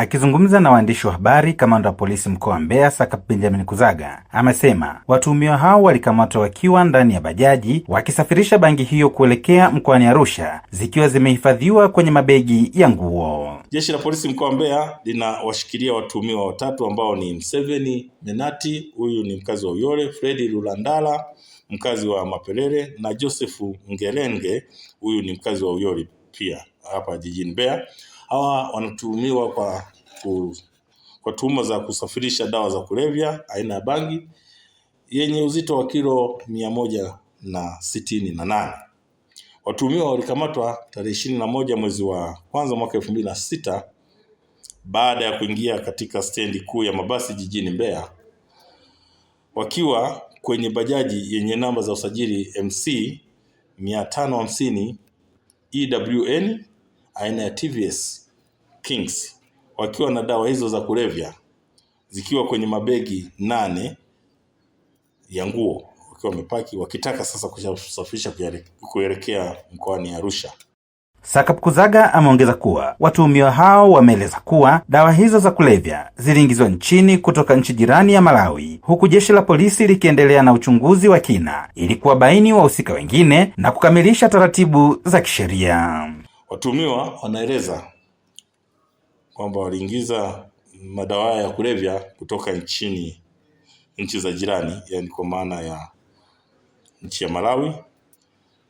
Akizungumza na waandishi wa habari, kamanda wa polisi mkoa wa Mbeya Sakap Benjamin Kuzaga amesema watuhumiwa hao walikamatwa wakiwa ndani ya bajaji wakisafirisha bangi hiyo kuelekea mkoani Arusha zikiwa zimehifadhiwa kwenye mabegi ya nguo. Jeshi la polisi mkoa wa Mbeya linawashikilia watuhumiwa watatu ambao ni Mseveni Menati, huyu ni mkazi wa Uyole, Fredi Lulandala, mkazi wa Mapelele na josefu Ngelenge, huyu ni mkazi wa Uyole pia hapa jijini Mbeya Hawa wanatuhumiwa kwa, kwa tuhuma za kusafirisha dawa za kulevya aina ya bangi yenye uzito wa kilo mia moja na sitini na nane. Watuhumiwa walikamatwa tarehe ishirini na moja mwezi wa kwanza mwaka elfu mbili na sita baada ya kuingia katika stendi kuu ya mabasi jijini Mbeya wakiwa kwenye bajaji yenye namba za usajili MC 550 EWN aina ya TVS Kings wakiwa na dawa hizo za kulevya zikiwa kwenye mabegi nane ya nguo wakiwa wamepaki wakitaka sasa kusafirisha kuelekea mkoani Arusha. Kuzaga ameongeza kuwa watuhumiwa hao wameeleza kuwa dawa hizo za kulevya ziliingizwa nchini kutoka nchi jirani ya Malawi, huku jeshi la polisi likiendelea na uchunguzi wa kina ili kuwabaini wahusika wengine na kukamilisha taratibu za kisheria watumiwa wanaeleza kwamba waliingiza madawa ya kulevya kutoka nchini nchi za jirani, yani kwa maana ya nchi ya Malawi,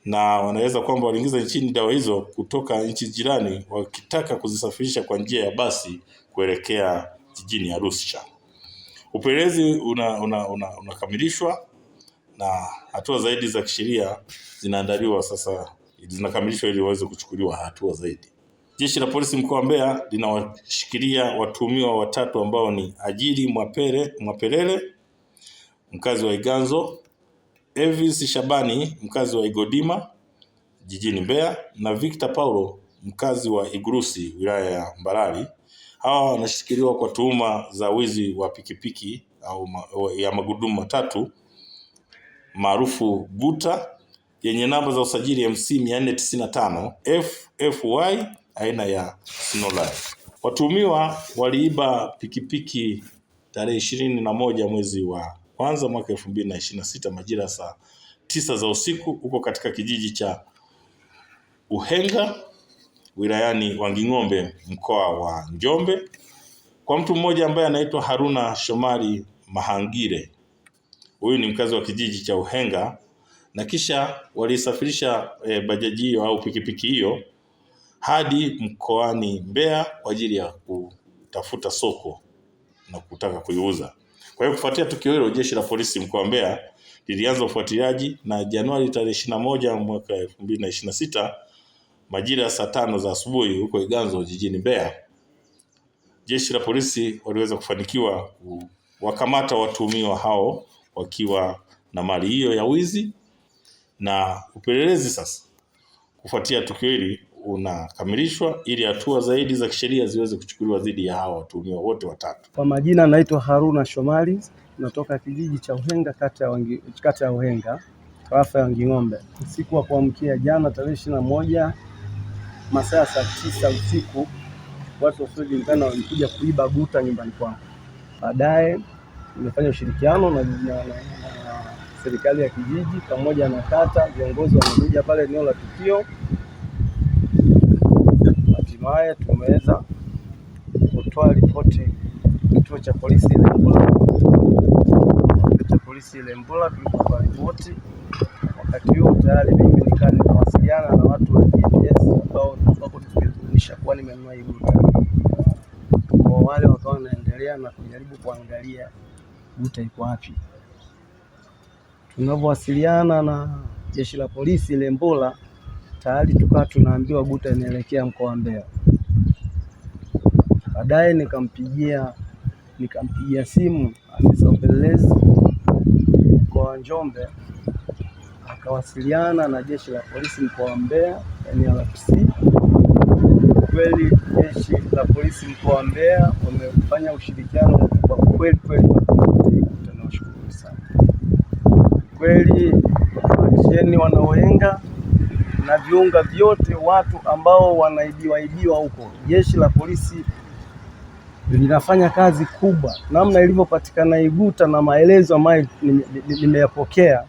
na wanaeleza kwamba waliingiza nchini dawa hizo kutoka nchi jirani wakitaka kuzisafirisha kwa njia ya basi kuelekea jijini Arusha. Upelelezi unakamilishwa una, una, una na hatua zaidi za kisheria zinaandaliwa sasa zinakamilishwa ili waweze kuchukuliwa hatua zaidi. Jeshi la polisi mkoa wa Mbeya linawashikilia watuhumiwa watatu ambao ni Ajili Mwapere, Mwapelele mkazi wa Iganzo, Elvis Shabani mkazi wa Igodima jijini Mbeya na Victor Paulo mkazi wa Igurusi wilaya ya Mbarali. Hawa wanashikiliwa kwa tuhuma za wizi wa pikipiki au ma, ya magudumu matatu maarufu guta yenye namba za usajili MC 495 FFY aina ya Snowline. Watuhumiwa waliiba pikipiki tarehe ishirini na moja mwezi wa kwanza mwaka elfu mbili na ishirini na sita majira saa tisa za usiku huko katika kijiji cha Uhenga wilayani Wanging'ombe mkoa wa Njombe kwa mtu mmoja ambaye anaitwa Haruna Shomari Mahangire. Huyu ni mkazi wa kijiji cha Uhenga na kisha walisafirisha e, bajaji hiyo au pikipiki hiyo hadi mkoani Mbeya kwa ajili ya kutafuta soko na kutaka kuiuza. Kwa hiyo kufuatia tukio hilo, jeshi la polisi mkoa wa Mbeya lilianza ufuatiliaji na Januari tarehe ishirini na moja mwaka elfu mbili na ishirini na sita majira ya saa tano za asubuhi huko Iganzo jijini Mbeya, jeshi la polisi waliweza kufanikiwa kuwakamata watuhumiwa hao wakiwa na mali hiyo ya wizi na upelelezi sasa kufuatia tukio hili unakamilishwa ili hatua zaidi za kisheria ziweze kuchukuliwa dhidi ya hawa watuhumiwa wote watatu. Kwa majina, naitwa Haruna Shomari, natoka kijiji cha Uhenga, kata ya Uhenga, tarafa ya Wanging'ombe. Usiku wa kuamkia jana tarehe ishirini na moja masaa saa tisa usiku watu wasiojulikana walikuja kuiba guta nyumbani kwangu. Baadaye nimefanya ushirikiano na serikali ya kijiji pamoja na kata, viongozi wamekuja pale eneo la tukio. Hatimaye tumeweza kutoa ripoti kituo cha polisi Ilembula. Kituo cha polisi Ilembula tulikutoa ripoti wakati huo tayari mimi nikaa ninawasiliana na watu wa GPS ambao ambako tukidunisha kuwa nimenunua hii buta, kwa wale wakawa wanaendelea na kujaribu kuangalia buta iko wapi tunavyowasiliana na jeshi la polisi lembula tayari tukawa tunaambiwa guta inaelekea mkoa wa Mbeya. Baadaye nikampigia nikampigia simu afisa upelelezi mkoa wa Njombe, akawasiliana na jeshi la polisi mkoa wa Mbeya NLPC. Kweli jeshi la polisi mkoa wa Mbeya wamefanya ushirikiano mkubwa kweli kweli kweli, wakisheni wanaoenga na viunga vyote, watu ambao wanaibiwa ibiwa huko. Jeshi la polisi linafanya kazi kubwa, namna ilivyopatikana Iguta na maelezo ambayo nimeyapokea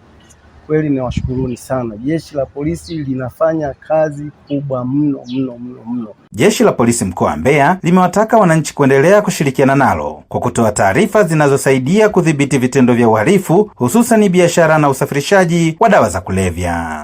Kweli ninawashukuruni sana, jeshi la polisi linafanya kazi kubwa mno mno mno mno. Jeshi la polisi mkoa wa Mbeya limewataka wananchi kuendelea kushirikiana nalo kwa kutoa taarifa zinazosaidia kudhibiti vitendo vya uhalifu, hususani biashara na usafirishaji wa dawa za kulevya.